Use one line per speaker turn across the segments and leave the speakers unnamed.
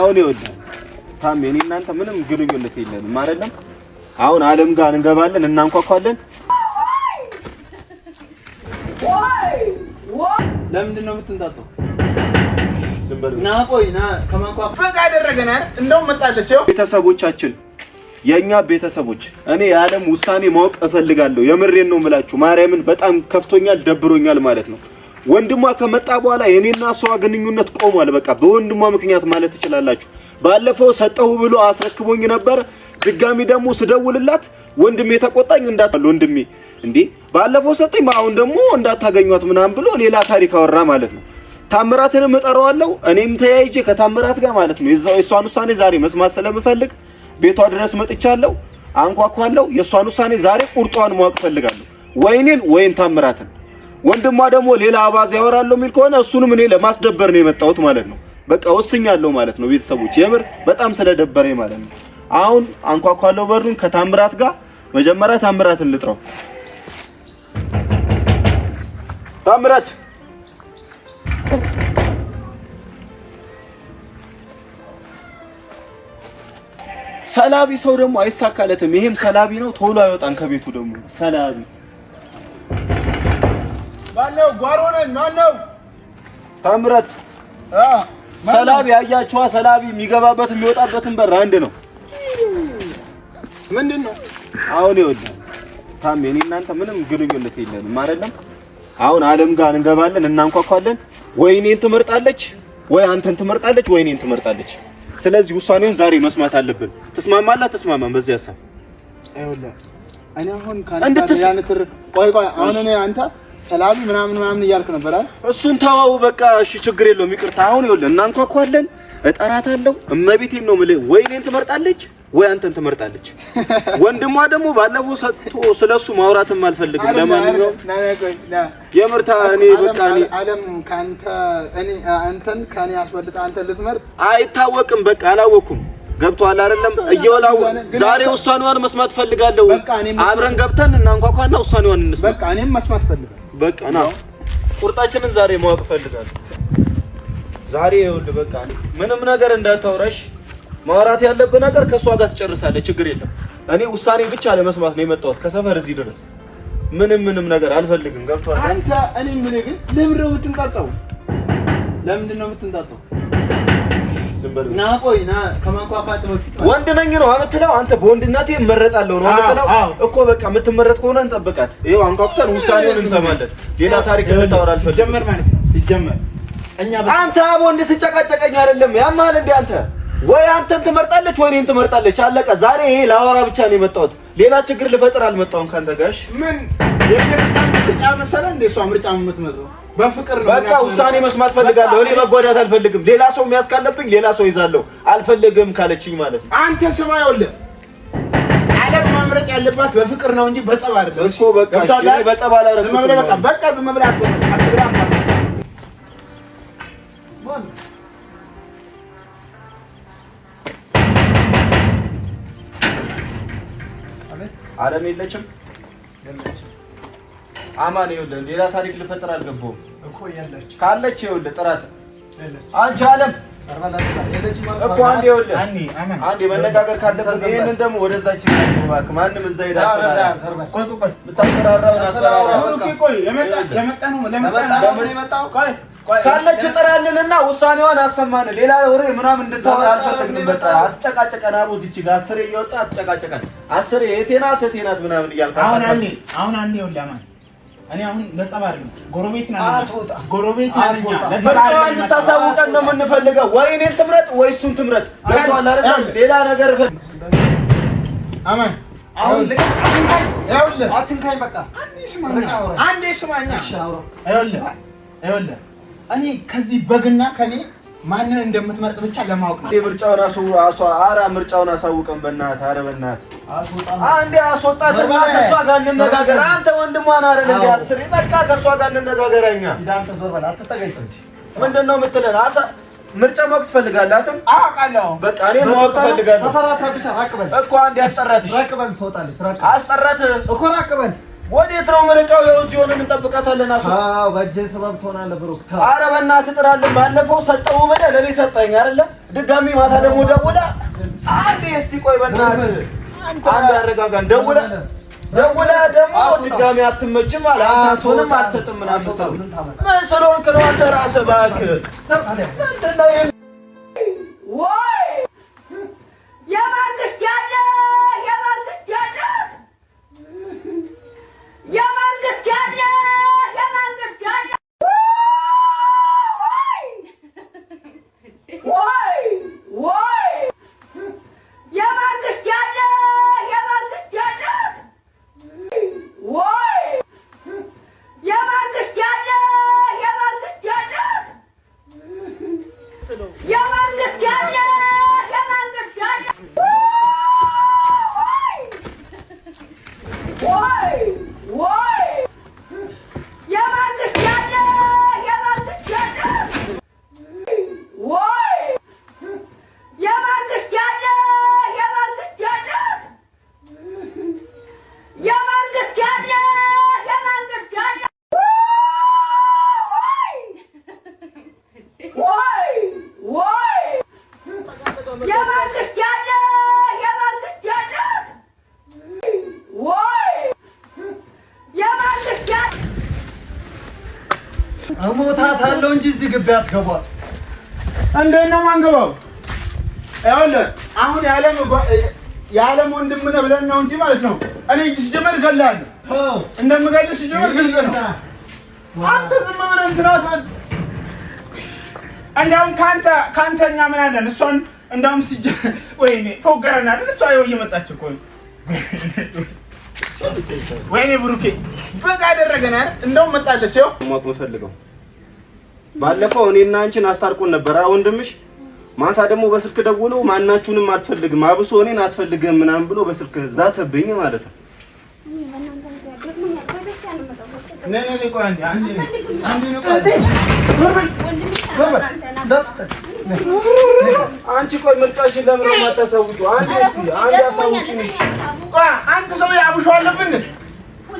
አሁን ይኸውልህ ታም የኔ እናንተ ምንም ግንኙነት የለንም አይደለም። አሁን አለም ጋር እንገባለን፣ እናንኳኳለን። ለምንድን ነው የምትንጣጣው? ና ቆይ፣ ና ከማንኳኳ በቃ አደረገና እንደውም መጣለች። ቤተሰቦቻችን የእኛ ቤተሰቦች እኔ የዓለም ውሳኔ ማወቅ እፈልጋለሁ። የምሬን ነው የምላችሁ። ማርያምን በጣም ከፍቶኛል፣ ደብሮኛል ማለት ነው። ወንድሟ ከመጣ በኋላ የኔና እሷ ግንኙነት ቆሟል። በቃ በወንድሟ ምክንያት ማለት ትችላላችሁ። ባለፈው ሰጠሁ ብሎ አስረክቦኝ ነበር። ድጋሚ ደግሞ ስደውልላት ወንድሜ ተቆጣኝ። እንዳትል ወንድሜ እንዴ ባለፈው ሰጠኝ፣ አሁን ደግሞ እንዳታገኟት ምናምን ብሎ ሌላ ታሪክ አወራ ማለት ነው። ታምራትንም እጠራዋለሁ እኔም ተያይጄ ከታምራት ጋር ማለት ነው። የእሷን ውሳኔ ዛሬ መስማት ስለምፈልግ ቤቷ ድረስ መጥቻለሁ፣ አንኳኳለሁ። የእሷን ውሳኔ ዛሬ ቁርጧን ማወቅ ፈልጋለሁ። ወይኔን ወይም ታምራትን ወንድሟ ደግሞ ሌላ አባዝ ያወራለሁ የሚል ከሆነ እሱንም እኔ ለማስደበር ነው የመጣሁት ማለት ነው። በቃ ወስኛለሁ ማለት ነው። ቤተሰቦች የምር በጣም ስለደበረኝ ማለት ነው። አሁን አንኳኳለው በሩን ከታምራት ጋር። መጀመሪያ ታምራት እንጥራው። ታምራት ሰላቢ ሰው ደግሞ አይሳካለትም። ይሄም ሰላቢ ነው። ቶሎ አይወጣም ከቤቱ ደግሞ ሰላቢ ማነው? ጓሮ ነኝ። ማነው? ታምራት ሰላቢ ያያችኋ? ሰላቢ የሚገባበት የሚወጣበትን በር አንድ ነው። ምንድን ነው አሁን? ይኸውልህ ታሜ፣ እኔ እናንተ ምንም ግንኙነት የለንም አይደለም። አሁን አለም ጋር እንገባለን፣ እናንኳኳለን። ወይ እኔን ትመርጣለች፣ ወይ አንተን ትመርጣለች፣ ወይ እኔን ትመርጣለች። ስለዚህ ውሳኔውን ዛሬ መስማት አለብን። ትስማማለህ? አትስማማም? በዚህ ሀሳብ ይኸውልህ እኔ አሁን ካንተ ያንትር ቆይ ቆይ አሁን እኔ አንተ ጠላሚ ምናምን ምናምን እያልክ ነበር አይደል? እሱን ተወው በቃ እሺ፣ ችግር የለውም ይቅርታ። አሁን ይኸውልህ እናንኳኳለን፣ እጠራታለሁ። እመቤቴም ነው የምልህ፣ ወይ እኔን ትመርጣለች ወይ አንተን ትመርጣለች። ወንድሟ ደግሞ ባለፈው ሰጥቶ ስለሱ ማውራትም አልፈልግም። ለማንኛውም የምርታ እኔ በቃ እኔ ዓለም ካንተ እኔ አንተን ከኔ አስበልጣ አንተ ልትመርጥ አይታወቅም። በቃ አላወቅኩም። ገብቷል አይደለም? እየወላው ዛሬ ውሳኔዋን መስማት ፈልጋለሁ። አብረን ገብተን እናንኳኳና ውሳኔዋን እንስማ። በቃ እኔም መስማት ፈልጋለሁ። በቃ ና ቁርጣችንን ዛሬ ማወቅ እፈልጋለሁ። ዛሬ ይኸውልህ በቃ ምንም ነገር እንዳታውራሽ። ማውራት ያለብህ ነገር ከእሷ ጋር ትጨርሳለህ። ችግር የለም። እኔ ውሳኔ ብቻ ለመስማት ነው የመጣሁት ከሰፈር እዚህ ድረስ። ምንም ምንም ነገር አልፈልግም። ገብቶሃል? አንተ እኔ የምልህ ግን ለምንድን ነው የምትንጣጣው? ለምንድን ነው የምትንጣጣው? ና ቆይ ና ከማንኳኳት በፊት ወንድ ነኝ ነው የምትለው አንተ። በወንድነቴ እመረጣለሁ ነው የምትለው እኮ። በቃ የምትመረጥ ከሆነ እንጠብቃት። ይኸው አንኳኩተን ውሳኔውን እንሰማለን። ሌላ ታሪክ እንታወራ አልፈልግም። ሲጀመር ማለት ነው ሲጀመር እኛ አንተ አቦ እንድትጨቃጨቀኝ አይደለም ያማል እንደ አንተ ወይ አንተን ትመርጣለች ወይ እኔን ትመርጣለች። አለቀ። ዛሬ ይሄ ላወራ ብቻ ነው የመጣሁት። ሌላ ችግር ልፈጥር አልመጣሁም ከአንተ ጋር እሺ ምን ምርጫ ምርጫ የምትመጣው በቃ ውሳኔ መስማት ፈልጋለሁ። እኔ መጎዳት አልፈልግም። ሌላ ሰው መያዝ ካለብኝ ሌላ ሰው ይዛለሁ። አልፈልግም ካለችኝ ማለት ነው። አንተ ስማ፣ ይኸውልህ አለም መምረጥ ያለባት በፍቅር ነው እንጂ በጸብ አይደለም። የለችም። አማን ይኸውልህ፣ ሌላ ታሪክ ልፈጥር አልገባሁም እኮ ያለች ካለች ይኸውልህ፣ ጥራት አንቺ አለም እኮ አንዴ ይኸውልህ፣ አንድ መነጋገር ካለበት ይሄንን ደግሞ ወደዛች እባክህ፣ ማንም እዛ ሄዳ የምታስፈራራውን አስፈራራ። ካለች ጥራልንና ውሳኔዋን አሰማን። ሌላ ወሬ ምናምን እንድታወራ አልፈልግም። በቃ አትጨቃጨቀን። አቦት ይቺ ጋር አስሬ እየወጣ አትጨቃጨቀን። አስሬ የቴናት የቴናት ምናምን እያልክ አሁን አንዴ አሁን አንዴ ይኸውልህ እኔ አሁን ለጸብ አይደለም፣ ጎረቤት ነኝ። አትወጣ ጎረቤት ነኝ። ምርጫዋን እንድታሳውቀን ነው የምንፈልገው። ወይ እኔን ትምረጥ ወይ እሱን ትምረጥ። ሌላ ነገር አሁን አንዴ ስማኝ። እኔ ከዚህ በግና ከኔ ማንን እንደምትመርጥ ብቻ ለማወቅ ነው። ምርጫውን ራሱ አሶ አራ ምርጫውን አሳውቀን በእናትህ አረ በእናትህ አንዴ አስወጣት እና ከእሷ ጋር እንነጋገር። አንተ ወንድሟን አረ እንደ አስር በቃ ከእሷ ጋር እንነጋገር። እንነጋገረኛ አንተ ዞር በል አትጠገኝ። ምንድን ነው የምትለን? አሳ ምርጫ ማወቅ ትፈልጋላትም? አትም አውቃለሁ። በቃ እኔ ማወቅ ትፈልጋለሁ። ሰፈራት አዲስ አቅበል እኮ አንዴ አስጠራት፣ አስጠራት እኮ ራቅ ወዴት ነው ምርቃው? ያው እዚህ ሆነን እንጠብቃታለን። አሱ አዎ፣ በእጄ ሰበብ ትሆናለህ ብሩክ። ታው በእናትህ ጥራልን። ባለፈው ሰጠው ብለህ ለኔ ሰጠኝ አይደለ? ድጋሚ ማታ ደግሞ ደውላ አንዴ፣ እስቲ ቆይ በእናትህ አንድ አረጋጋን። ደውላ ደውላ ደግሞ ድጋሚ አትመችም አለ። አትሆንም፣ አትሰጥም። ምን ስለሆንክ ነው አንተ ራስህ እባክህ Why? እንጂ እዚህ ግቢ አትገባም። እንዴት ነው ማንገባው? ይኸውልህ አሁን የዓለም ወንድም ነህ ብለን ነው እንጂ ማለት ነው እኔ ሲጀመር እገልሃለሁ እንደምገልህ ሲጀመር ግልጽ ነው። አንተ ዝም ብለህ እንትን አትበል። እንደውም ከአንተ እኛ ምን አለን? እሷን እንደውም ወይኔ ፎገረን አይደል? እሷ ይኸው እየመጣች እኮ ነው። ወይኔ ብሩኬ በቃ አደረገን አይደል? እንደውም መጣለች። ይኸው ማወቅ መፈልገው ባለፈው እኔና አንቺን አስታርቆን ነበር ወንድምሽ። ማታ ደግሞ በስልክ ደውሎ ማናችሁንም አትፈልግም፣ አብሶ እኔን አትፈልግም ምናምን ብሎ በስልክ ዛተብኝ ማለት ነው። አንቺ ቆይ ምርጫሽን ለምን ማታሳውቂው? አንድ አንድ ሰው ያቡ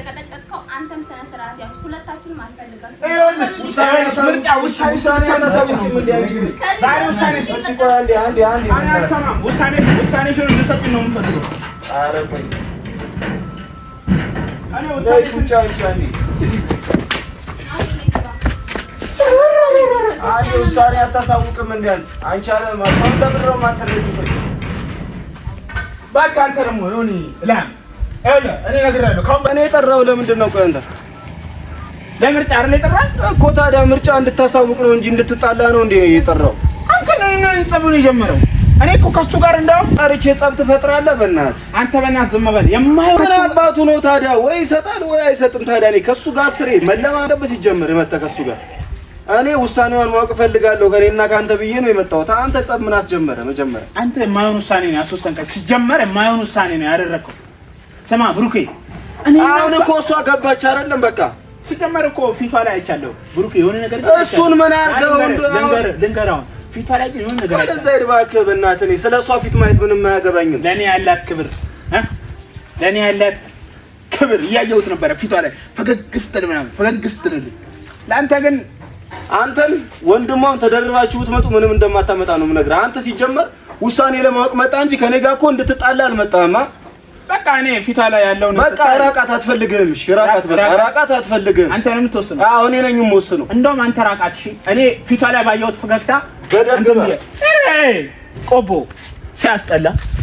እንደቀጠቀጥከው አንተም ስነ ስርዓት ያዝ። ሁለታችሁንም አልፈልጋችሁም። ውሳኔ አታሳውቅም። እንዲህ አንቺ አለ ማለት ነው። በቃ አንተ ደግሞ ይሁን ላም እኔ የጠራው ለምንድን ነው? ቆይ አንተ ለምርጫ አይደል የጠራህ እኮ። ታዲያ ምርጫ እንድታሳውቅ ነው እንጂ እንድትጣላ ነው እንዴ የጠራው? አንተ ነህ ጸቡን የጀመረው። እኔ እኮ ከሱ ጋር እንዳውም ጠርቼ ጸብ ትፈጥራለህ። በእናትህ አንተ በእናትህ ዝም በል። የማይሆን አባቱ ነው ታዲያ። ወይ ይሰጣል ወይ አይሰጥም። ታዲያ እኔ ከሱ ጋር ስሬ መለማመድ ሲጀምር መተህ ከሱ ጋር እኔ ውሳኔዋን ማወቅ እፈልጋለሁ። ከኔና ከአንተ ብዬ ነው የመጣሁት። አንተ ጸብ ምን አስጀመረ? መጀመሪያ አንተ የማይሆን ውሳኔ ነው ያስወሰንከው። ሲጀመር የማይሆን ውሳኔ ነው ያደረግከው። ስማ ብሩኬ፣ እኔ አሁን እኮ እሷ ገባች አይደለም? በቃ ሲጀመር እኮ ፊቷ ላይ አይቻለሁ ብሩኬ፣ የሆነ ነገር እሱን ምን አድርገው ልንገር። አሁን ፊቷ ላይ ግን የሆነ ነገር ወደዛ ሂድ እባክህ፣ በእናትህ እኔ ስለ እሷ ፊት ማየት ምንም አያገባኝም። ለእኔ ያላት ክብር ለእኔ ያላት ክብር እያየሁት ነበረ ፊቷ ላይ ፈገግ ስትል ምናምን ፈገግ ስትል፣ ለአንተ ግን አንተን ወንድሟም ተደርባችሁ ብትመጡ ምንም እንደማታመጣ ነው የምነግርህ። አንተ ሲጀመር ውሳኔ ለማወቅ መጣ እንጂ ከኔ ጋር እኮ እንድትጣላ አልመጣማ በቃ እኔ ፊቷ ላይ ያለው ነው። በቃ ራቃት አትፈልግም። እሺ ራቃት በቃ ራቃት አትፈልግም። አንተ ነው የምትወስነው። አዎ እኔ ነኝ የምወስነው። እንደውም አንተ ራቃት። እሺ እኔ ፊቷ ላይ ባየሁት ፈገግታ በደንብ ቆቦ ሲያስጠላ